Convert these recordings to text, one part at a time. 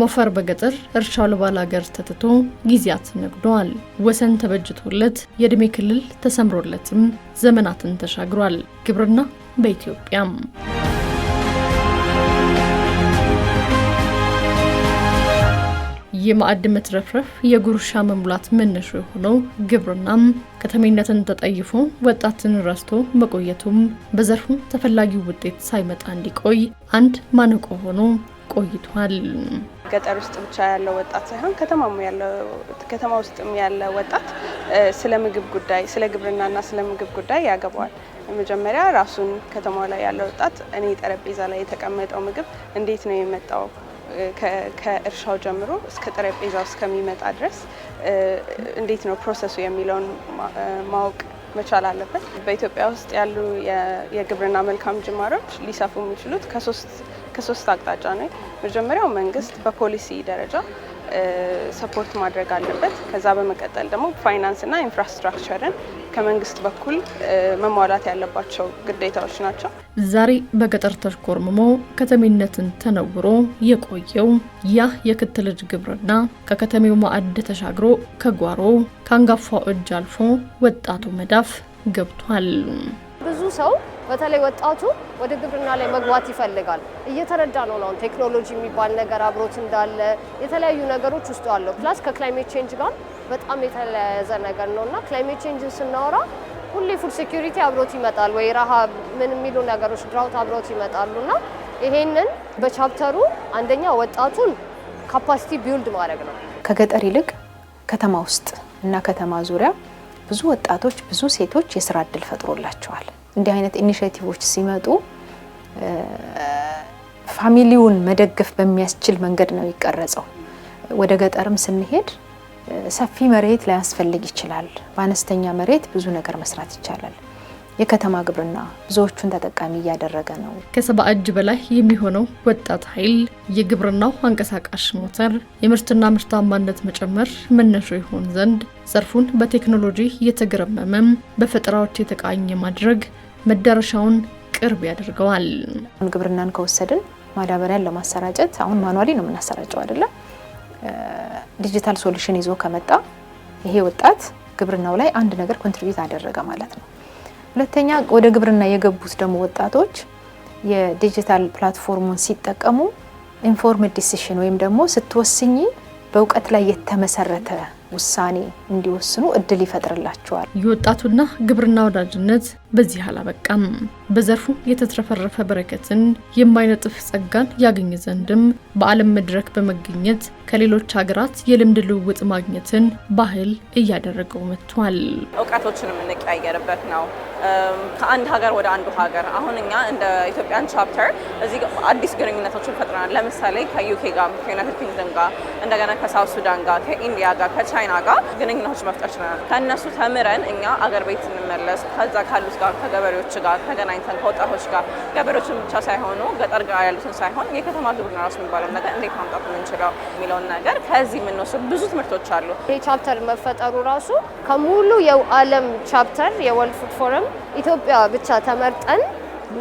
ሞፈር በገጠር እርሻው ለባል ሀገር ተትቶ ጊዜያት ነግዷል። ወሰን ተበጅቶለት የእድሜ ክልል ተሰምሮለትም ዘመናትን ተሻግሯል። ግብርና በኢትዮጵያም የማዕድ መትረፍረፍ የጉርሻ መሙላት መነሾ የሆነው ግብርናም ከተሜነትን ተጠይፎ ወጣትን ረስቶ መቆየቱም በዘርፉ ተፈላጊው ውጤት ሳይመጣ እንዲቆይ አንድ ማነቆ ሆኖ ቆይቷል። ገጠር ውስጥ ብቻ ያለው ወጣት ሳይሆን ከተማ ውስጥም ያለ ወጣት ስለ ምግብ ጉዳይ ስለ ግብርናና ስለ ምግብ ጉዳይ ያገባዋል። መጀመሪያ ራሱን ከተማ ላይ ያለ ወጣት እኔ ጠረጴዛ ላይ የተቀመጠው ምግብ እንዴት ነው የመጣው ከእርሻው ጀምሮ እስከ ጠረጴዛው እስከሚመጣ ድረስ እንዴት ነው ፕሮሰሱ የሚለውን ማወቅ መቻል አለበት። በኢትዮጵያ ውስጥ ያሉ የግብርና መልካም ጅማሮች ሊሰፉ የሚችሉት ከሶስት አቅጣጫ ነው። መጀመሪያው መንግስት በፖሊሲ ደረጃ ሰፖርት ማድረግ አለበት። ከዛ በመቀጠል ደግሞ ፋይናንስ እና ኢንፍራስትራክቸርን ከመንግስት በኩል መሟላት ያለባቸው ግዴታዎች ናቸው። ዛሬ በገጠር ተሽኮርምሞ ከተሜነትን ተነውሮ የቆየው ያህ የክት ልጅ ግብርና ከከተሜው ማዕድ ተሻግሮ ከጓሮ ከአንጋፋው እጅ አልፎ ወጣቱ መዳፍ ገብቷል። ብዙ ሰው በተለይ ወጣቱ ወደ ግብርና ላይ መግባት ይፈልጋል። እየተረዳ ነው አሁን ቴክኖሎጂ የሚባል ነገር አብሮት እንዳለ የተለያዩ ነገሮች ውስጡ አለው። ፕላስ ከክላይሜት ቼንጅ ጋር በጣም የተለያዘ ነገር ነው እና ክላይሜት ቼንጅን ስናወራ ሁሌ ፉድ ሴኩሪቲ አብሮት ይመጣል ወይ ረሃብ ምን የሚሉ ነገሮች ድራውት አብሮት ይመጣሉ እና ይሄንን በቻፕተሩ አንደኛ ወጣቱን ካፓሲቲ ቢውልድ ማድረግ ነው። ከገጠር ይልቅ ከተማ ውስጥ እና ከተማ ዙሪያ ብዙ ወጣቶች ብዙ ሴቶች የስራ እድል ፈጥሮላቸዋል። እንዲህ አይነት ኢኒሼቲቮች ሲመጡ ፋሚሊውን መደገፍ በሚያስችል መንገድ ነው ይቀረጸው። ወደ ገጠርም ስንሄድ ሰፊ መሬት ላያስፈልግ ይችላል። በአነስተኛ መሬት ብዙ ነገር መስራት ይቻላል። የከተማ ግብርና ብዙዎቹን ተጠቃሚ እያደረገ ነው። ከሰባ እጅ በላይ የሚሆነው ወጣት ኃይል የግብርናው አንቀሳቃሽ ሞተር የምርትና ምርታማነት መጨመር መነሾ ይሆን ዘንድ ዘርፉን በቴክኖሎጂ እየተገረመመም በፈጠራዎች የተቃኘ ማድረግ መዳረሻውን ቅርብ ያደርገዋል። ግብርናን ከወሰድን ማዳበሪያን ለማሰራጨት አሁን ማኗሊ ነው የምናሰራጨው አይደለም። ዲጂታል ሶሉሽን ይዞ ከመጣ ይሄ ወጣት ግብርናው ላይ አንድ ነገር ኮንትሪቢዩት አደረገ ማለት ነው። ሁለተኛ ወደ ግብርና የገቡት ደግሞ ወጣቶች የዲጂታል ፕላትፎርሙን ሲጠቀሙ ኢንፎርምድ ዲሲሽን ወይም ደግሞ ስትወስኝ በእውቀት ላይ የተመሰረተ ውሳኔ እንዲወስኑ እድል ይፈጥርላቸዋል። የወጣቱና ግብርና ወዳጅነት በዚህ አላበቃም። በዘርፉ የተትረፈረፈ በረከትን የማይነጥፍ ጸጋን ያገኝ ዘንድም በዓለም መድረክ በመገኘት ከሌሎች ሀገራት የልምድ ልውውጥ ማግኘትን ባህል እያደረገው መጥቷል። እውቀቶችን የምንቀያየርበት ነው። ከአንድ ሀገር ወደ አንዱ ሀገር አሁን እኛ እንደ ኢትዮጵያን ቻፕተር እዚህ አዲስ ግንኙነቶችን ፈጥረናል። ለምሳሌ ከዩኬ ጋር፣ ከዩናይትድ ኪንግደም ጋር፣ እንደገና ከሳውት ሱዳን ጋር፣ ከኢንዲያ ጋር፣ ከቻይና ከቻይና ጋር ግንኙነቶች መፍጠር ችለናል። ከእነሱ ተምረን እኛ አገር ቤት ስንመለስ ከዛ ካሉት ጋር ከገበሬዎች ጋር ተገናኝተን ከወጣቶች ጋር ገበሬዎችን ብቻ ሳይሆኑ ገጠር ጋር ያሉትን ሳይሆን የከተማ ግብርና ራሱ የሚባለው ነገር እንዴት ማምጣት የምንችለው የሚለውን ነገር ከዚህ የምንወስድ ብዙ ትምህርቶች አሉ። ይህ ቻፕተር መፈጠሩ ራሱ ከሙሉ የዓለም ቻፕተር የወርልድ ፉድ ፎረም ኢትዮጵያ ብቻ ተመርጠን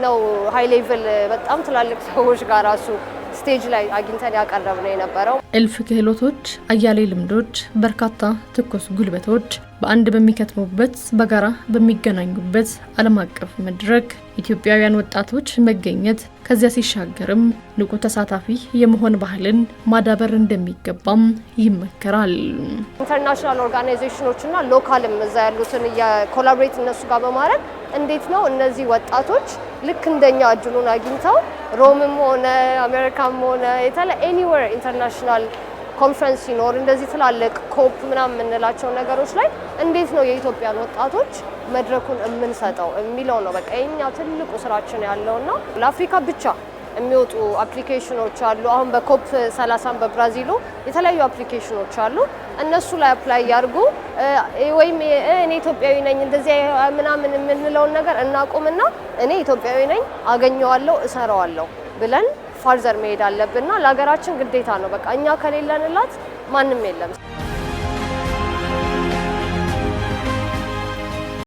ነው ሀይ ሌቭል በጣም ትላልቅ ሰዎች ጋር ራሱ ስቴጅ ላይ አግኝተን ያቀረብ ነው የነበረው እልፍ ክህሎቶች፣ አያሌ ልምዶች፣ በርካታ ትኩስ ጉልበቶች በአንድ በሚከትሙበት በጋራ በሚገናኙበት ዓለም አቀፍ መድረክ ኢትዮጵያውያን ወጣቶች መገኘት ከዚያ ሲሻገርም ንቁ ተሳታፊ የመሆን ባህልን ማዳበር እንደሚገባም ይመከራል። ኢንተርናሽናል ኦርጋናይዜሽኖችና ሎካልም እዛ ያሉትን የኮላቦሬት እነሱ ጋር በማድረግ እንዴት ነው እነዚህ ወጣቶች ልክ እንደኛ እድሉን አግኝተው ሮምም ሆነ አሜሪካም ሆነ የተለ ኤኒዌር ኢንተርናሽናል ይኖራል፣ ኮንፈረንስ ሲኖር እንደዚህ ትላልቅ ኮፕ ምናምን የምንላቸው ነገሮች ላይ እንዴት ነው የኢትዮጵያን ወጣቶች መድረኩን የምንሰጠው የሚለው ነው በቃ የኛ ትልቁ ስራችን ያለውና ለአፍሪካ ብቻ የሚወጡ አፕሊኬሽኖች አሉ። አሁን በኮፕ 30 በብራዚሉ የተለያዩ አፕሊኬሽኖች አሉ። እነሱ ላይ አፕላይ ያርጉ። ወይም እኔ ኢትዮጵያዊ ነኝ እንደዚህ ምናምን የምንለውን ነገር እናቁምና እኔ ኢትዮጵያዊ ነኝ አገኘዋለሁ፣ እሰራዋለሁ ብለን ፋርዘር መሄድ አለብንና ለሀገራችን ግዴታ ነው። በቃ እኛ ከሌለንላት ማንም የለም።